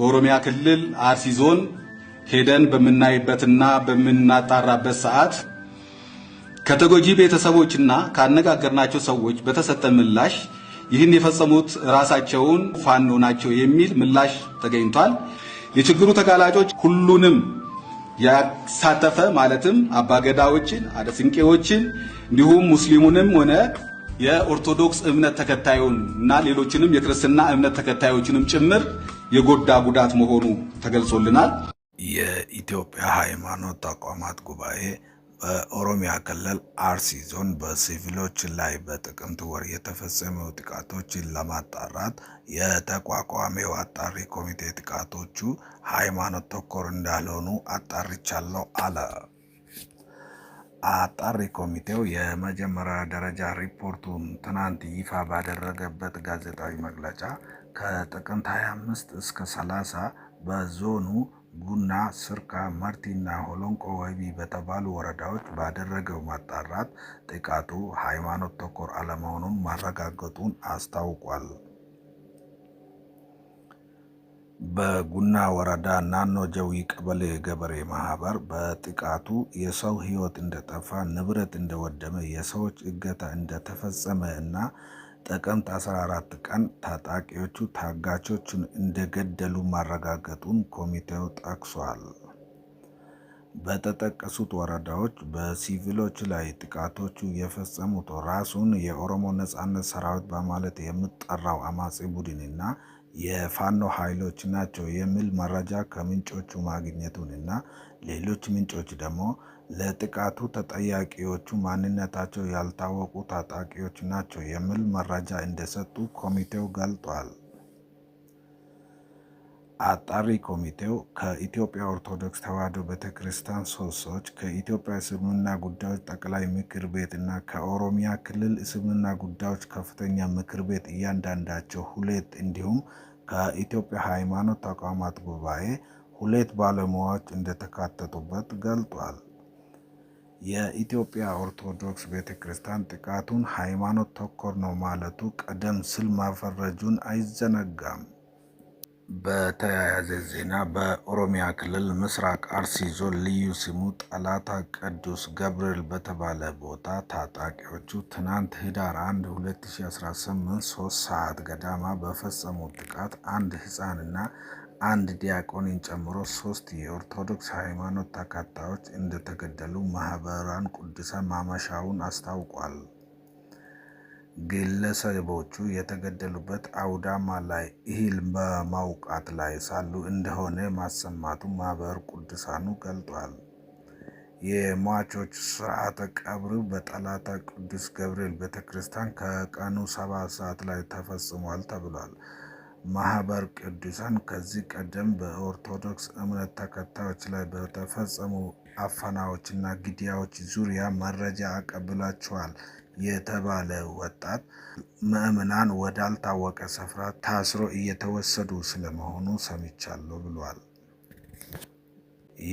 በኦሮሚያ ክልል አርሲ ዞን ሄደን በምናይበትና በምናጣራበት ሰዓት ከተጎጂ ቤተሰቦችና ካነጋገርናቸው ሰዎች በተሰጠ ምላሽ ይህን የፈጸሙት ራሳቸውን ፋኖ ናቸው የሚል ምላሽ ተገኝቷል። የችግሩ ተጋላጮች ሁሉንም ያሳተፈ ማለትም አባገዳዎችን፣ አደስንቄዎችን እንዲሁም ሙስሊሙንም ሆነ የኦርቶዶክስ እምነት ተከታዩን እና ሌሎችንም የክርስትና እምነት ተከታዮችንም ጭምር የጎዳ ጉዳት መሆኑ ተገልጾልናል። የኢትዮጵያ ሃይማኖት ተቋማት ጉባኤ በኦሮሚያ ክልል አርሲ ዞን በሲቪሎች ላይ በጥቅምት ወር የተፈጸሙ ጥቃቶችን ለማጣራት የተቋቋሚው አጣሪ ኮሚቴ ጥቃቶቹ ሃይማኖት ተኮር እንዳልሆኑ አጣርቻለሁ አለ። አጣሪ ኮሚቴው የመጀመሪያ ደረጃ ሪፖርቱን ትናንት ይፋ ባደረገበት ጋዜጣዊ መግለጫ ከጥቅምት 25 እስከ 30 በዞኑ ጉና፣ ስርካ፣ መርቲና ሆሎንቆ ወይቢ በተባሉ ወረዳዎች ባደረገው ማጣራት ጥቃቱ ሃይማኖት ተኮር አለመሆኑን ማረጋገጡን አስታውቋል። በጉና ወረዳ ናኖ ጀዊ ቀበሌ ገበሬ ማህበር በጥቃቱ የሰው ሕይወት እንደጠፋ ንብረት እንደወደመ የሰዎች እገታ እንደተፈጸመ እና ጥቅምት 14 ቀን ታጣቂዎቹ ታጋቾቹን እንደገደሉ ማረጋገጡን ኮሚቴው ጠቅሷል። በተጠቀሱት ወረዳዎች በሲቪሎች ላይ ጥቃቶቹ የፈጸሙት ራሱን የኦሮሞ ነጻነት ሰራዊት በማለት የሚጠራው አማጺ ና። የፋኖ ኃይሎች ናቸው የሚል መረጃ ከምንጮቹ ማግኘቱን እና ሌሎች ምንጮች ደግሞ ለጥቃቱ ተጠያቂዎቹ ማንነታቸው ያልታወቁ ታጣቂዎች ናቸው የሚል መረጃ እንደሰጡ ኮሚቴው ገልጧል። አጣሪ ኮሚቴው ከኢትዮጵያ ኦርቶዶክስ ተዋሕዶ ቤተክርስቲያን ሶስት ሰዎች ከኢትዮጵያ እስልምና ጉዳዮች ጠቅላይ ምክር ቤት እና ከኦሮሚያ ክልል እስልምና ጉዳዮች ከፍተኛ ምክር ቤት እያንዳንዳቸው ሁለት እንዲሁም ከኢትዮጵያ ሃይማኖት ተቋማት ጉባኤ ሁለት ባለሙያዎች እንደተካተቱበት ገልጧል። የኢትዮጵያ ኦርቶዶክስ ቤተክርስቲያን ጥቃቱን ሃይማኖት ተኮር ነው ማለቱ ቀደም ሲል ማፈረጁን አይዘነጋም። በተያያዘ ዜና በኦሮሚያ ክልል ምስራቅ አርሲ ዞን ልዩ ስሙ ጠላታ ቅዱስ ገብርኤል በተባለ ቦታ ታጣቂዎቹ ትናንት ህዳር 1 2018 3 ሰዓት ገዳማ በፈጸሙት ጥቃት አንድ ህፃንና አንድ ዲያቆንን ጨምሮ ሶስት የኦርቶዶክስ ሃይማኖት ተከታዮች እንደተገደሉ ማህበራን ቅዱሳን ማመሻውን አስታውቋል። ግለሰቦቹ የተገደሉበት አውዳማ ላይ እህል በማውቃት ላይ ሳሉ እንደሆነ ማሰማቱ ማህበር ቅዱሳኑ ገልጧል። የሟቾች ሥርዓተ ቀብር በጠላታ ቅዱስ ገብርኤል ቤተክርስቲያን ከቀኑ ሰባት ሰዓት ላይ ተፈጽሟል ተብሏል። ማህበር ቅዱሳን ከዚህ ቀደም በኦርቶዶክስ እምነት ተከታዮች ላይ በተፈጸሙ አፈናዎችና ግድያዎች ዙሪያ መረጃ አቀብላችኋል የተባለ ወጣት ምዕመናን ወዳልታወቀ ስፍራ ታስሮ እየተወሰዱ ስለመሆኑ ሰምቻለሁ ብሏል።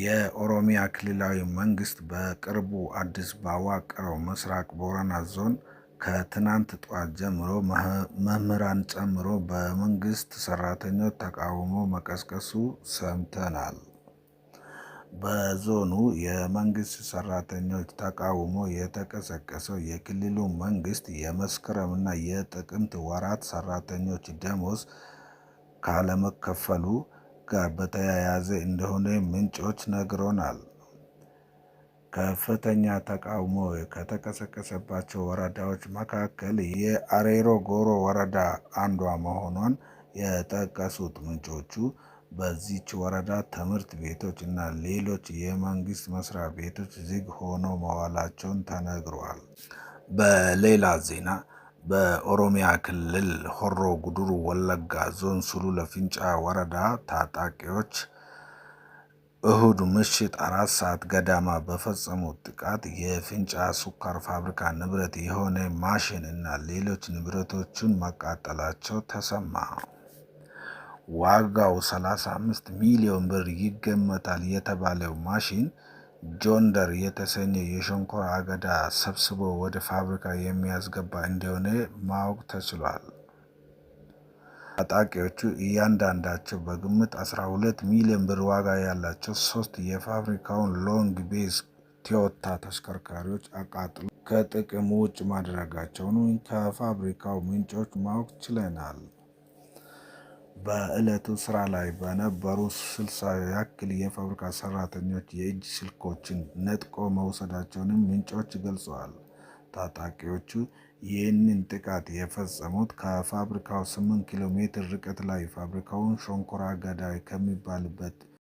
የኦሮሚያ ክልላዊ መንግስት በቅርቡ አዲስ ባዋቀረው ምስራቅ ቦረና ዞን ከትናንት ጠዋት ጀምሮ መምህራን ጨምሮ በመንግስት ሰራተኞች ተቃውሞ መቀስቀሱ ሰምተናል። በዞኑ የመንግስት ሰራተኞች ተቃውሞ የተቀሰቀሰው የክልሉ መንግስት የመስከረምና የጥቅምት ወራት ሰራተኞች ደሞዝ ካለመከፈሉ ጋር በተያያዘ እንደሆነ ምንጮች ነግሮናል። ከፍተኛ ተቃውሞ ከተቀሰቀሰባቸው ወረዳዎች መካከል የአሬሮ ጎሮ ወረዳ አንዷ መሆኗን የጠቀሱት ምንጮቹ በዚች ወረዳ ትምህርት ቤቶች እና ሌሎች የመንግስት መስሪያ ቤቶች ዝግ ሆኖ መዋላቸውን ተነግረዋል በሌላ ዜና በኦሮሚያ ክልል ሆሮ ጉዱሩ ወለጋ ዞን ሱሉ ለፊንጫ ወረዳ ታጣቂዎች እሁድ ምሽት አራት ሰዓት ገዳማ በፈጸሙት ጥቃት የፍንጫ ስኳር ፋብሪካ ንብረት የሆነ ማሽን እና ሌሎች ንብረቶቹን ማቃጠላቸው ተሰማ። ዋጋው 35 ሚሊዮን ብር ይገመታል የተባለው ማሽን ጆንደር የተሰኘ የሸንኮራ አገዳ ሰብስቦ ወደ ፋብሪካ የሚያስገባ እንደሆነ ማወቅ ተችሏል። ታጣቂዎቹ እያንዳንዳቸው በግምት 12 ሚሊዮን ብር ዋጋ ያላቸው ሶስት የፋብሪካውን ሎንግ ቤዝ ቶዮታ ተሽከርካሪዎች አቃጥሎ ከጥቅም ውጭ ማድረጋቸውን ከፋብሪካው ምንጮች ማወቅ ችለናል። በዕለቱ ስራ ላይ በነበሩ ስልሳ ያክል የፋብሪካ ሰራተኞች የእጅ ስልኮችን ነጥቆ መውሰዳቸውንም ምንጮች ገልጸዋል። ታጣቂዎቹ ይህንን ጥቃት የፈጸሙት ከፋብሪካው 8 ኪሎ ሜትር ርቀት ላይ ፋብሪካውን ሸንኮራ ገዳይ ከሚባልበት